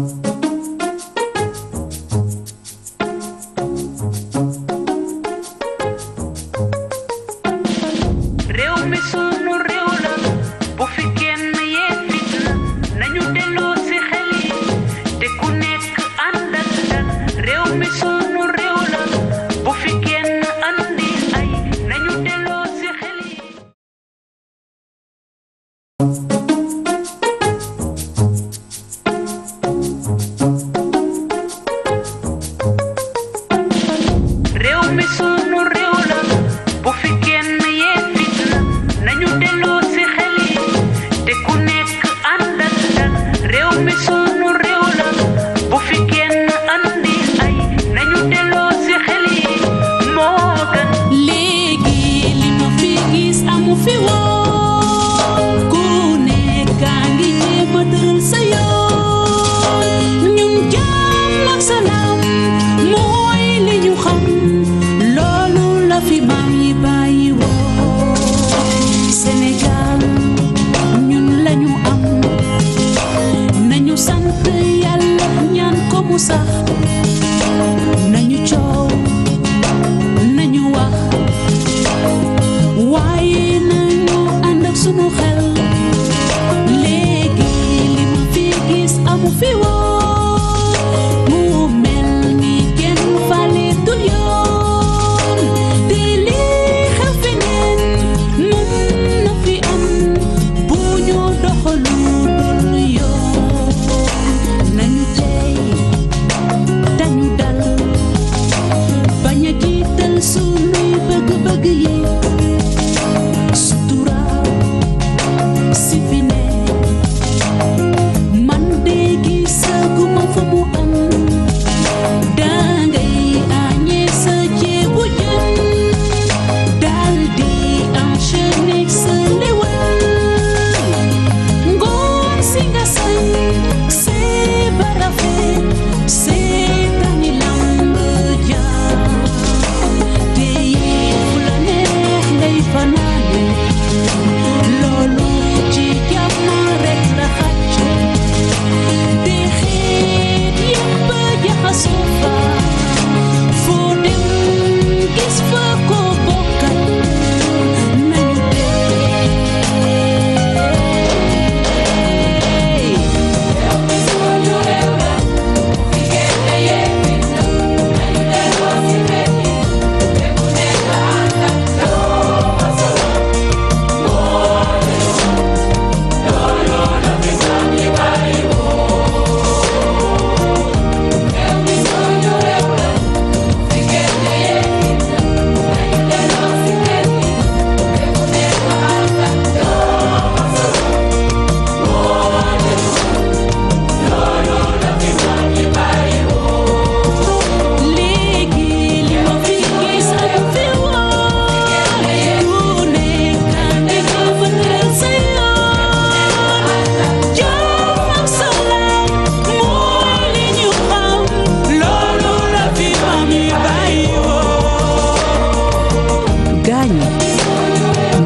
Thank you. me so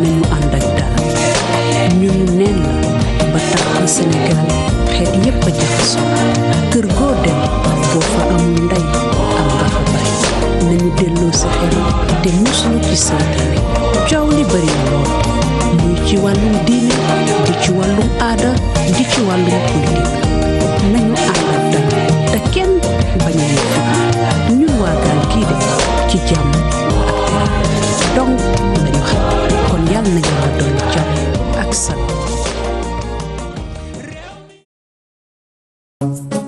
nañu ànd ak dal ñunu neen la ba tax ci sénégal xeet yépp a jaxaso kër goo dem boo fa amul ndey am nga fa bàyyi nañu delloo sa xel te muslu ci coow li na lool muy ci wàllum diine di ci wàllum aada di ci wàllum politique nañu ànd ak dal te kenn bañ a ñun waa gaal kii de ci jàmm Thank you.